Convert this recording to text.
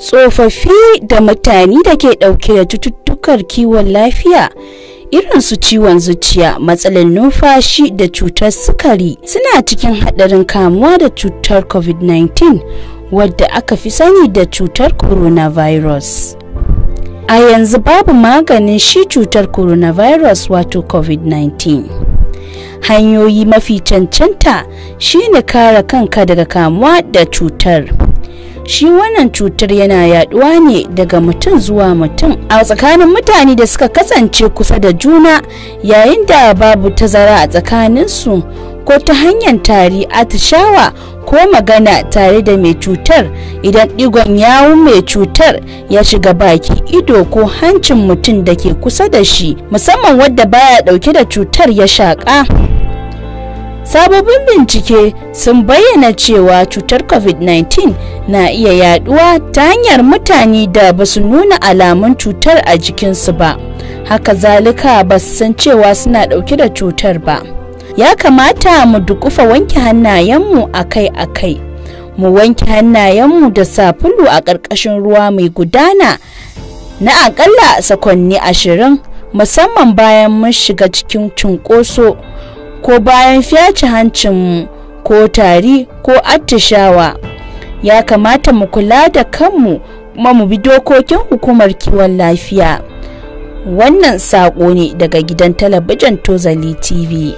tsofaffi da mutane da ke ɗauke da cututtukar kiwon lafiya irin su ciwon zuciya matsalar numfashi da cutar sukari suna cikin haɗarin kamuwa da cutar covid-19 wadda aka fi sani da cutar coronavirus a yanzu babu maganin shi cutar coronavirus wato covid-19 hanyoyi mafi cancanta shine kare kanka daga kamuwa da cutar shi wannan cutar yana yaduwa ne daga mutum zuwa mutum a tsakanin mutane da suka kasance kusa da juna yayin da babu tazara a tsakaninsu ko ta hanyar tari atishawa ko magana tare da mai cutar idan digon yawun mai cutar ya shiga baki ido ko hancin mutum da ke kusa da shi musamman wadda baya dauke da cutar ya shaƙa. sababbin bincike sun bayyana cewa cutar covid-19 na iya yaduwa ta hanyar mutane da ba su nuna alamun cutar a jikinsu ba haka zalika ba su san cewa suna dauke da cutar ba ya kamata mu dukufa wanke hannayenmu akai-akai mu wanke hannayenmu da safulu a ƙarƙashin ruwa mai gudana na aƙalla sakonni ashirin musamman bayan mun shiga cikin cunkoso ko bayan fyace hancinmu ko tari ko attishawa ya kamata mu kula da kanmu kuma mu bi dokokin hukumar kiwon lafiya wannan saƙo ne daga gidan talabijin tozali tv